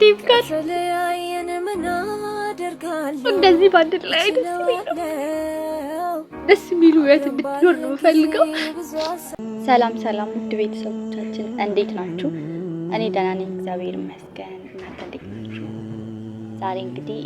ከዴቭ ጋር እንደዚህ በአንድ ላይ ደስ የሚሉ ህይወት እንድትኖር ነው የምፈልገው። ሰላም ሰላም፣ ውድ ቤተሰቦቻችን እንዴት ናችሁ? እኔ ደህና ነኝ፣ እግዚአብሔር ይመስገን። እናንተ እንዴት ናችሁ? ዛሬ እንግዲህ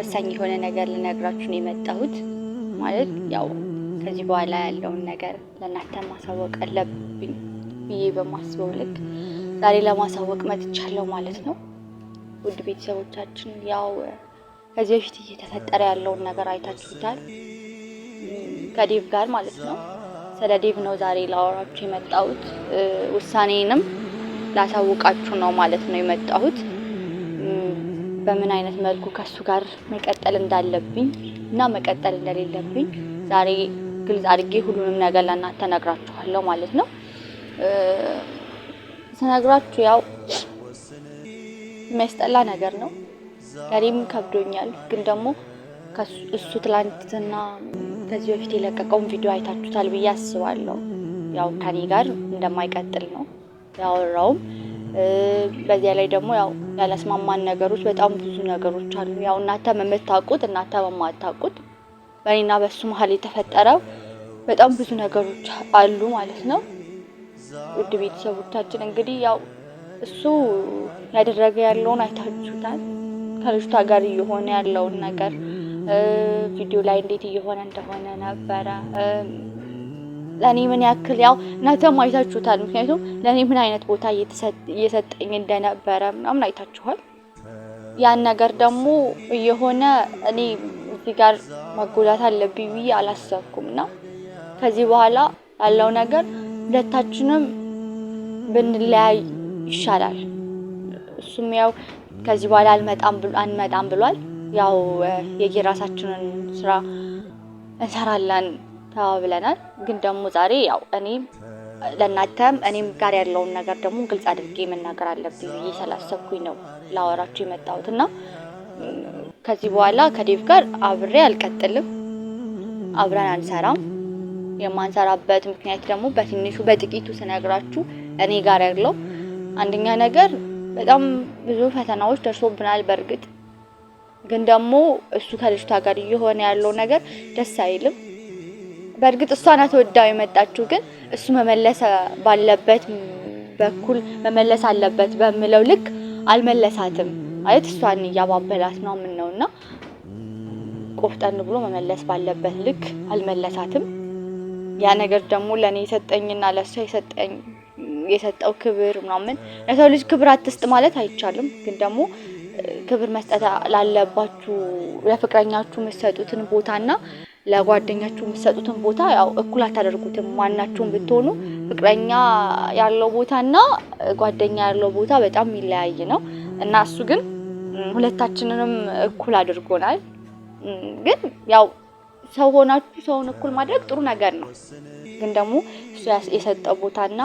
ወሳኝ የሆነ ነገር ልነግራችሁ ነው የመጣሁት። ማለት ያው ከዚህ በኋላ ያለውን ነገር ለእናንተ ማሳወቅ አለብኝ ብዬ በማስበው ልክ ዛሬ ለማሳወቅ መጥቻለሁ ማለት ነው። ውድ ቤተሰቦቻችን ያው ከዚህ በፊት እየተፈጠረ ያለውን ነገር አይታችሁታል፣ ከዴቭ ጋር ማለት ነው። ስለ ዴቭ ነው ዛሬ ላወራችሁ የመጣሁት። ውሳኔንም ላሳውቃችሁ ነው ማለት ነው የመጣሁት። በምን አይነት መልኩ ከሱ ጋር መቀጠል እንዳለብኝ እና መቀጠል እንደሌለብኝ ዛሬ ግልጽ አድርጌ ሁሉንም ነገር ለእናንተ ነግራችኋለሁ ማለት ነው። ስነግራችሁ ያው የሚያስጠላ ነገር ነው። እኔም ከብዶኛል። ግን ደግሞ እሱ ትላንትና ከዚህ በፊት የለቀቀውን ቪዲዮ አይታችሁታል ብዬ አስባለሁ። ያው ከኔ ጋር እንደማይቀጥል ነው ያወራውም። በዚያ ላይ ደግሞ ያው ያላስማማን ነገሮች በጣም ብዙ ነገሮች አሉ። ያው እናንተም የምታውቁት እናንተም የማታውቁት በእኔና በእሱ መሀል የተፈጠረው በጣም ብዙ ነገሮች አሉ ማለት ነው። ውድ ቤተሰቦቻችን እንግዲህ ያው እሱ ያደረገ ያለውን አይታችሁታል። ከልጅቷ ጋር እየሆነ ያለውን ነገር ቪዲዮ ላይ እንዴት እየሆነ እንደሆነ ነበረ። ለእኔ ምን ያክል ያው እናንተም አይታችሁታል። ምክንያቱም ለእኔ ምን አይነት ቦታ እየሰጠኝ እንደነበረ ምናምን አይታችኋል። ያን ነገር ደግሞ እየሆነ እኔ እዚህ ጋር መጎዳት አለብኝ ብዬ አላሰብኩም እና ከዚህ በኋላ ያለው ነገር ሁለታችንም ብንለያይ ይሻላል። እሱም ያው ከዚህ በኋላ አንመጣም ብሏል። ያው የየራሳችንን ስራ እንሰራለን ተባብለናል። ግን ደግሞ ዛሬ ያው እኔ ለእናንተም እኔም ጋር ያለውን ነገር ደግሞ ግልጽ አድርጌ መናገር አለብኝ ብዬ ስላሰብኩኝ ነው ላወራችሁ የመጣሁት እና ከዚህ በኋላ ከዴቭ ጋር አብሬ አልቀጥልም፣ አብረን አንሰራም። የማንሰራበት ምክንያት ደግሞ በትንሹ በጥቂቱ ስነግራችሁ እኔ ጋር ያለው አንደኛ ነገር በጣም ብዙ ፈተናዎች ደርሶብናል። በእርግጥ ግን ደግሞ እሱ ከልጅቷ ጋር እየሆነ ያለው ነገር ደስ አይልም። በእርግጥ እሷ ናት ወዳው የመጣችው፣ ግን እሱ መመለስ ባለበት በኩል መመለስ አለበት በምለው ልክ አልመለሳትም ማለት እሷን እያባበላት ነው ምን ነውና ቆፍጠን ብሎ መመለስ ባለበት ልክ አልመለሳትም። ያ ነገር ደግሞ ለእኔ የሰጠኝና ለእሷ የሰጠኝ የሰጠው ክብር ምናምን ለሰው ልጅ ክብር አትስጥ ማለት አይቻልም። ግን ደግሞ ክብር መስጠት ላለባችሁ ለፍቅረኛችሁ የምትሰጡትን ቦታና ለጓደኛችሁ የምትሰጡትን ቦታ ያው እኩል አታደርጉትም። ማናችሁም ብትሆኑ ፍቅረኛ ያለው ቦታና ጓደኛ ያለው ቦታ በጣም የሚለያይ ነው እና እሱ ግን ሁለታችንንም እኩል አድርጎናል ግን ያው ሰው ሆናችሁ ሰውን እኩል ማድረግ ጥሩ ነገር ነው። ግን ደግሞ እሱ የሰጠው ቦታና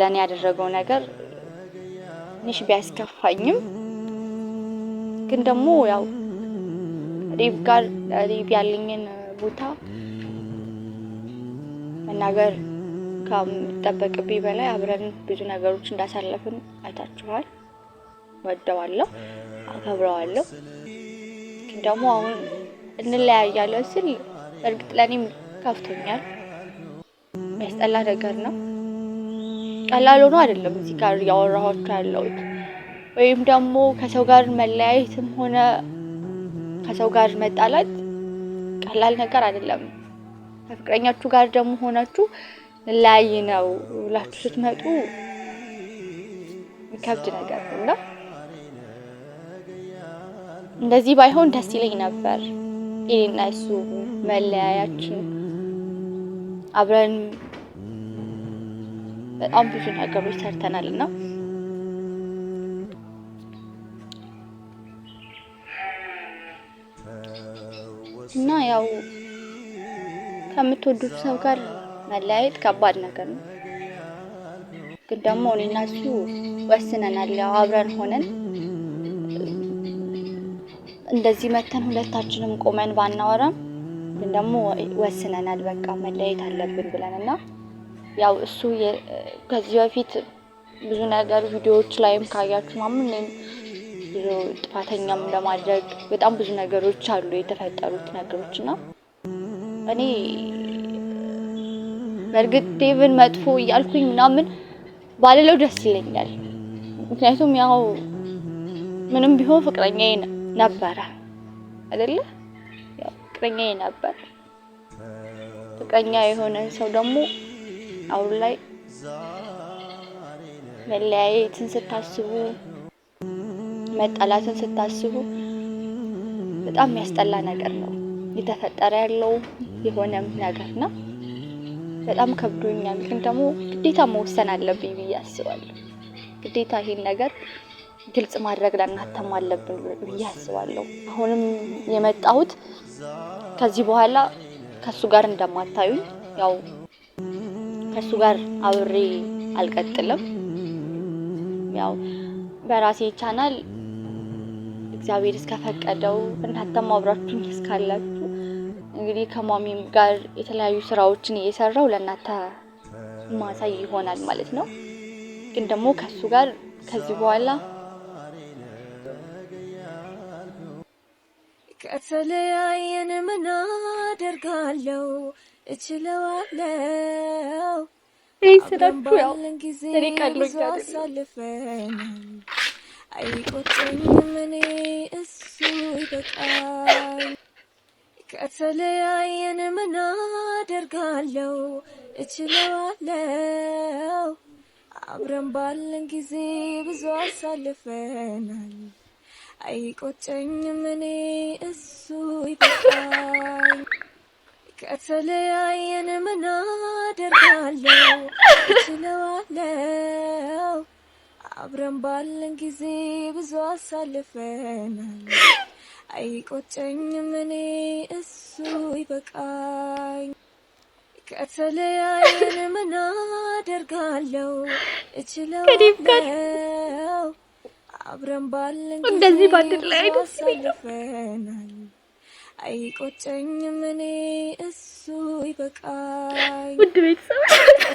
ለእኔ ያደረገው ነገር ትንሽ ቢያስከፋኝም ግን ደግሞ ያው ሪቭ ጋር ሪቭ ያለኝን ቦታ መናገር ከሚጠበቅብኝ በላይ አብረን ብዙ ነገሮች እንዳሳለፍን አይታችኋል። ወደዋለሁ፣ አከብረዋለሁ ግን ደግሞ አሁን እንለያያለን ሲል በእርግጥ ለእኔም ከፍቶኛል። የሚያስጠላ ነገር ነው። ቀላል ሆኖ አይደለም እዚህ ጋር እያወራኋቸው ያለሁት ወይም ደግሞ ከሰው ጋር መለያየትም ሆነ ከሰው ጋር መጣላት ቀላል ነገር አይደለም። ከፍቅረኛችሁ ጋር ደግሞ ሆናችሁ ልለያይ ነው ብላችሁ ስትመጡ የሚከብድ ነገር ነው እና እንደዚህ ባይሆን ደስ ይለኝ ነበር። የኔና እሱ መለያያችን አብረን በጣም ብዙ ነገሮች ሰርተናል እና እና ያው ከምትወዱት ሰው ጋር መለያየት ከባድ ነገር ነው። ግን ደግሞ እኔና እሱ ወስነናል። ያው አብረን ሆነን እንደዚህ መተን ሁለታችንም ቆመን ባናወራም ግን ደግሞ ወስነናል፣ በቃ መለየት አለብን ብለን እና ያው እሱ ከዚህ በፊት ብዙ ነገር ቪዲዮዎች ላይም ካያችሁ ማምን ብዙ ጥፋተኛም ለማድረግ በጣም ብዙ ነገሮች አሉ የተፈጠሩት ነገሮች እና እኔ በእርግጥ ዴቭን መጥፎ እያልኩኝ ምናምን ባልለው ደስ ይለኛል። ምክንያቱም ያው ምንም ቢሆን ፍቅረኛዬ ነው። ነበረ አይደለ? ያው ነበር። ፍቅረኛ የሆነን ሰው ደግሞ አሁን ላይ መለያየትን ስታስቡ፣ መጠላትን ስታስቡ በጣም የሚያስጠላ ነገር ነው እየተፈጠረ ያለው የሆነም ነገር ነው። በጣም ከብዶኛል፣ ግን ደግሞ ግዴታ መወሰን አለብኝ ብዬ አስባለሁ። ግዴታ ይሄን ነገር ግልጽ ማድረግ ለእናተም አለብን ብዬ አስባለሁ። አሁንም የመጣሁት ከዚህ በኋላ ከእሱ ጋር እንደማታዩኝ ያው ከእሱ ጋር አብሬ አልቀጥልም። ያው በራሴ ቻናል እግዚአብሔር እስከፈቀደው እናንተም አብራችሁኝ እስካላችሁ እንግዲህ ከማሚም ጋር የተለያዩ ስራዎችን እየሰራው ለእናንተ ማሳይ ይሆናል ማለት ነው። ግን ደግሞ ከእሱ ጋር ከዚህ በኋላ ከተለያየን ምን አደርጋለሁ? እችለዋለው ባለን ጊዜ ብዙ አሳልፈን አይቆጨኝም እኔ እሱ ይበቃል። ከተለያየን ምን አደርጋለው እችለዋለው አብረን ባለን ጊዜ ብዙ አሳልፈናል አይቆጨኝም እኔ እሱ ይበቃኝ። ከተለያየን ምን አደርጋለሁ? እችለዋለሁ። አብረን ባለን ጊዜ ብዙ አሳልፈናል። አይቆጨኝም እኔ እሱ ይበቃኝ። ከተለያየን ምን አደርጋለሁ? እችለዋለሁ አብረን ባለን እንደዚህ ባንድ ላይ አሳልፈናል። አይቆጨኝም እኔ እሱ ይበቃል። ውድ ቤተሰብ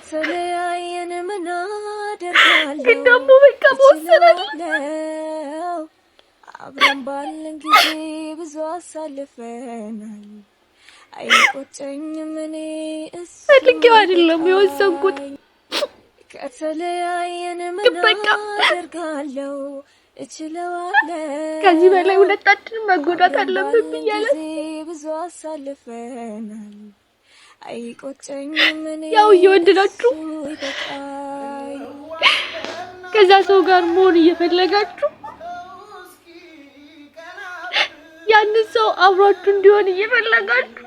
ተለያየን ምን አደርጋለሁ? ግን ደግሞ በቃ በወሰነው አብረን ባለን ጊዜ ብዙ አሳልፈናል። አይቆጨኝም እኔ እሱ ፈልጌው አይደለም የወሰንኩት ከተለያየን ምን አደርጋለሁ? ከዚህ በላይ ሁለታችን መጎዳት አለብን ብያለሁ። ብዙ አሳልፈናል። አይቆጨኝም ያው እየወደዳችሁ ከዛ ሰው ጋር መሆን እየፈለጋችሁ ያንን ሰው አብሯችሁ እንዲሆን እየፈለጋችሁ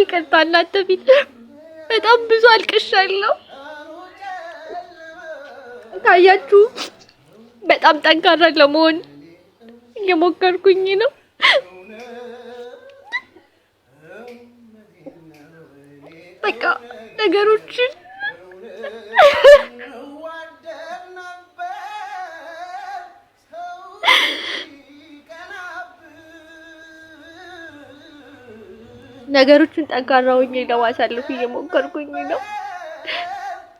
ይቅርታ እናንተ ፊት በጣም ብዙ አልቅሻለሁ። ታያችሁ፣ በጣም ጠንካራ ለመሆን እየሞከርኩኝ ነው። በቃ ነገሮችን ነገሮችን ጠንካራ ሆኜ ለማሳለፍ እየሞከርኩኝ ነው።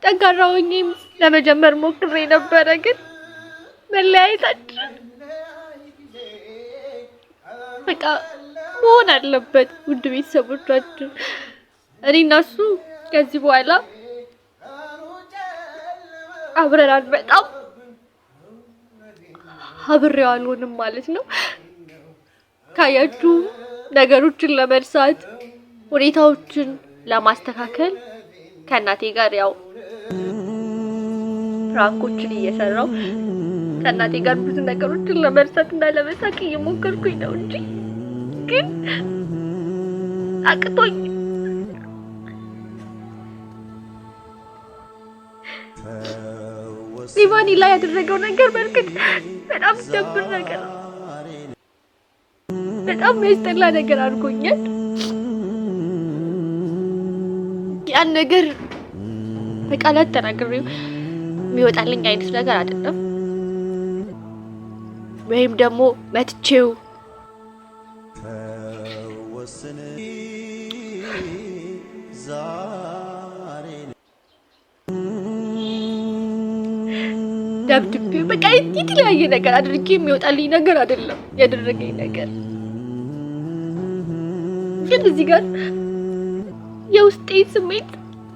ጠንካራ ሆኜም ለመጀመር ሞክሬ ነበረ፣ ግን መለያየታችን በቃ መሆን አለበት። ውድ ቤተሰቦቻችን እኔ እና እሱ ከዚህ በኋላ አብረናል በጣም አብሬው አልሆንም ማለት ነው። ካያችሁ ነገሮችን ለመርሳት ሁኔታዎችን ለማስተካከል ከእናቴ ጋር ያው ፍራንኮችን እየሰራው ከእናቴ ጋር ብዙ ነገሮችን ለመርሳት እና ለመሳቅ እየሞከርኩኝ ነው እንጂ ግን አቅቶኝ ሊቫኒ ላይ ያደረገው ነገር በእርግጥ በጣም ደብር ነገር በጣም የሚያስጠላ ነገር አድርጎኛል። ያን ነገር በቃላት ተናግሬው የሚወጣልኝ አይነት ነገር አይደለም። ወይም ደግሞ መትቼው ደብድቤው በቃ የተለያየ ነገር አድርጌ የሚወጣልኝ ነገር አይደለም ያደረገኝ ነገር ግን እዚህ ጋር የውስጤ ስሜት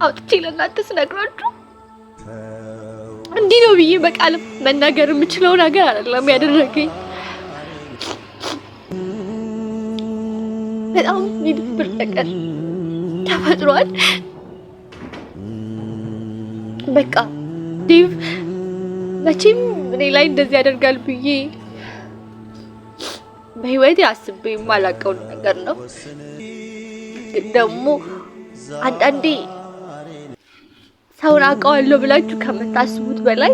አውጥቼ ለእናንተ ስነግራችሁ እንዲህ ነው ብዬ በቃል መናገር የምችለው ነገር አይደለም ያደረገኝ። በጣም የሚደብር ነገር ተፈጥሯል። በቃ ዴቭ መቼም እኔ ላይ እንደዚህ ያደርጋል ብዬ በህይወቴ አስቤ የማላውቀው ነገር ነው ግን ደግሞ አንዳንዴ ሰውን አውቀዋለሁ ብላችሁ ከምታስቡት በላይ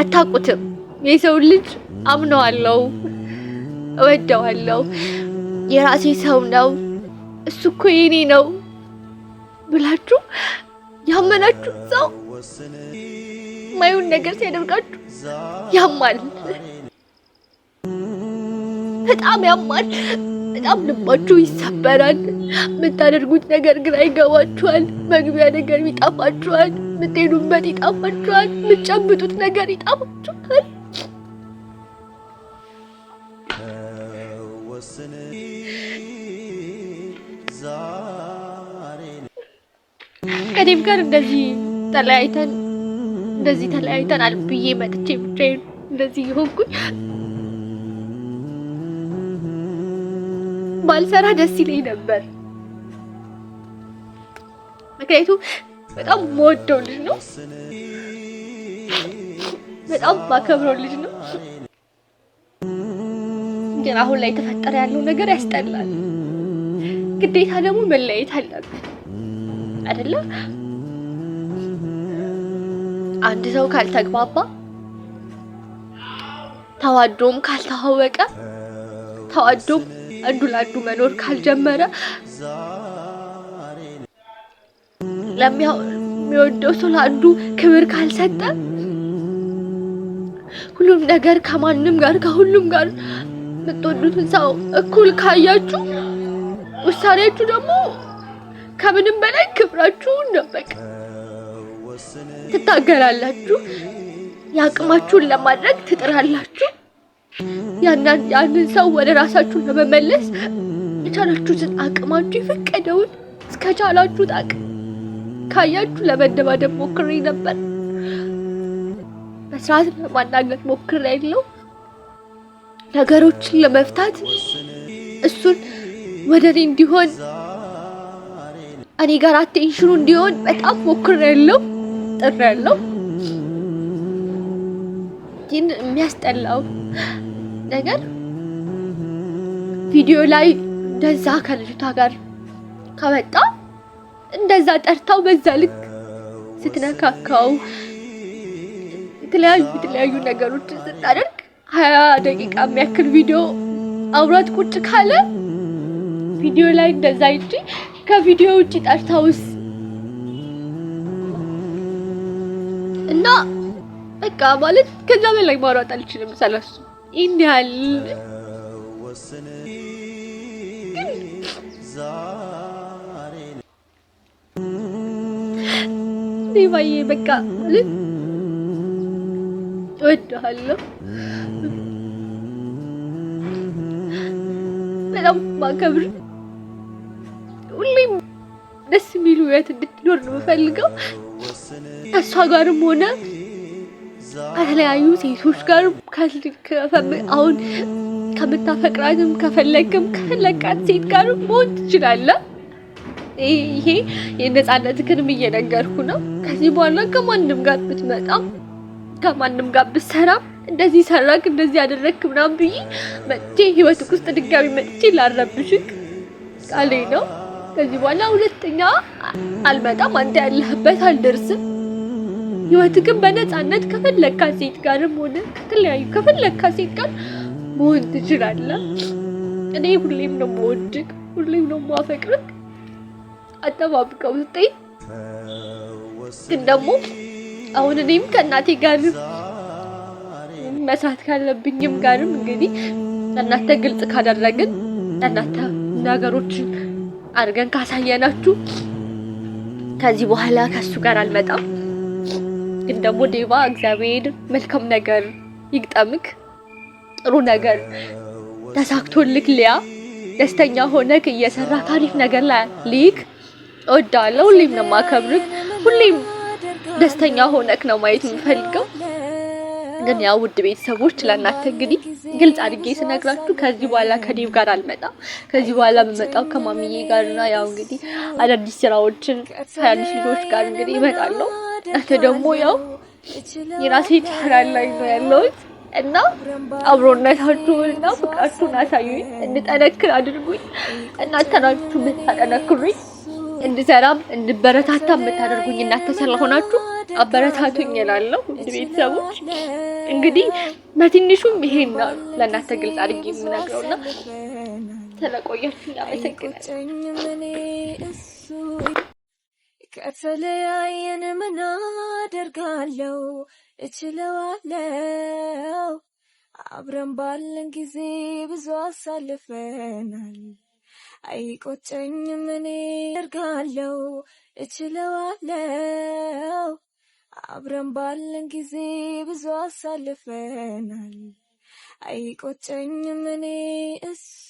አታውቁትም። የሰው ልጅ አምነዋለሁ፣ እወደዋለሁ፣ የራሴ ሰው ነው፣ እሱ እኮ የኔ ነው ብላችሁ ያመናችሁ ሰው ማየውን ነገር ሲያደርጋችሁ ያማል፣ በጣም ያማል። በጣም ልባችሁ ይሰበራል። የምታደርጉት ነገር ግራ ይገባችኋል። መግቢያ ነገር ይጣፋችኋል። የምትሄዱበት ይጣፋችኋል። የምትጨብጡት ነገር ይጣፋችኋል። ከእኔም ጋር እንደዚህ ተለያይተን እንደዚህ ተለያይተናል ብዬ መጥቼ ብቻዬን እንደዚህ የሆንኩኝ ባልሰራ ደስ ይለኝ ነበር። ምክንያቱም በጣም መወደው ልጅ ነው፣ በጣም የማከብረው ልጅ ነው። ግን አሁን ላይ የተፈጠረ ያለው ነገር ያስጠላል። ግዴታ ደግሞ መለያየት አለብን አይደለ? አንድ ሰው ካልተግባባ ተዋዶም ካልተዋወቀ ተዋዶም አንዱ ለአንዱ መኖር ካልጀመረ ለሚወደው ሰው ለአንዱ ክብር ካልሰጠ ሁሉም ነገር ከማንም ጋር ከሁሉም ጋር የምትወዱትን ሰው እኩል ካያችሁ ውሳኔያችሁ ደግሞ ከምንም በላይ ክብራችሁን ደበቅ ትታገላላችሁ፣ የአቅማችሁን ለማድረግ ትጥራላችሁ። ያንን ሰው ወደ ራሳችሁ ለመመለስ የቻላችሁትን አቅማችሁ የፈቀደውን እስከቻላችሁት አቅም ካያችሁ ለመደባደብ ሞክሬ ነበር። በስርዓት ለማናገር ሞክሬ ያለው ነገሮችን ለመፍታት እሱን ወደ እኔ እንዲሆን እኔ ጋር አቴንሽኑ እንዲሆን በጣም ሞክር ያለው ጥር ያለው ግን የሚያስጠላው ነገር ቪዲዮ ላይ እንደዛ ከልጅቷ ጋር ከመጣ እንደዛ ጠርታው በዛ ልክ ስትነካካው የተለያዩ የተለያዩ ነገሮች ስታደርግ ሀያ ደቂቃ የሚያክል ቪዲዮ አውራት ቁጭ ካለ ቪዲዮ ላይ እንደዛ እንጂ ከቪዲዮ ውጭ ጠርታውስ እና በቃ ማለት ከዛ በላይ ማውራት አልችልም ስለሱ። ይንዲያል ዴባዬ በቃ እወድሃለሁ። በጣም ማከብር ሁሌም ደስ የሚል ህይወት እንድትኖር ነው የምፈልገው። እሷ ጋርም ሆነ ከተለያዩ ሴቶች ጋር አሁን ከምታፈቅራትም ከፈለግም ከፈለጋት ሴት ጋር መሆን ትችላለህ። ይሄ የነፃነት የነፃነትህንም እየነገርኩ ነው። ከዚህ በኋላ ከማንም ጋር ብትመጣም ከማንም ጋር ብትሰራም እንደዚህ ሰራክ እንደዚህ ያደረግክ ምናም ብዬ መጥቼ ህይወት ውስጥ ድጋሚ መጥቼ ላረብሽክ ቃሌ ነው። ከዚህ በኋላ ሁለተኛ አልመጣም። አንተ ያለህበት አልደርስም። ህይወትህን በነፃነት ከፈለግካት ሴት ጋርም ሆነ ከተለያዩ ከፈለግካት ሴት ጋር መሆን ትችላለህ። እኔ ሁሌም ነው የምወድቅ፣ ሁሌም ነው የማፈቅርህ። አጠባብቀው ስጠኝ። ግን ደግሞ አሁን እኔም ከእናቴ ጋርም መስራት ካለብኝም ጋርም እንግዲህ እናንተ ግልጽ ካደረግን ለእናተ ነገሮችን አድርገን ካሳየናችሁ ከዚህ በኋላ ከእሱ ጋር አልመጣም። ግን ደግሞ ዴባ እግዚአብሔር መልካም ነገር ይግጠምክ፣ ጥሩ ነገር ተሳክቶልክ ሊያ ደስተኛ ሆነክ እየሰራ ታሪፍ ነገር ላይ ሊክ እወዳለሁ። ሁሌም ነው የማከብርክ። ሁሌም ደስተኛ ሆነክ ነው ማየት የምፈልገው። ግን ያው ውድ ቤተሰቦች ለእናንተ እንግዲህ ግልጽ አድርጌ ስነግራችሁ ከዚህ በኋላ ከዴብ ጋር አልመጣም። ከዚህ በኋላ የምመጣው ከማሚዬ ጋርና ያው እንግዲህ አዳዲስ ስራዎችን ከአዳዲስ ልጆች ጋር እንግዲህ እመጣለሁ። እህት ደግሞ ያው የራሴ ቻናል ላይ ነው ያለሁት እና አብሮነታችሁን እና ፍቅራችሁን አሳዩኝ፣ እንጠነክር አድርጉኝ። እናንተ ናችሁ የምታጠነክሩኝ፣ እንድሰራም እንድበረታታ የምታደርጉኝ እናንተ ስለሆናችሁ አበረታቱኝ እላለሁ። ውድ ቤተሰቦች እንግዲህ በትንሹም ይሄን ነው ለእናንተ ግልጽ አድርጌ የምነግረውና ስለቆያችሁ አመሰግናለሁ። ከተለያየን ምን አደርጋለው እችለዋለው። አብረን ባለን ጊዜ ብዙ አሳልፈናል። አይቆጨኝ ምን አደርጋለው እችለዋለው። አብረን ባለን ጊዜ ብዙ አሳልፈናል። አይቆጨኝ ምን እሱ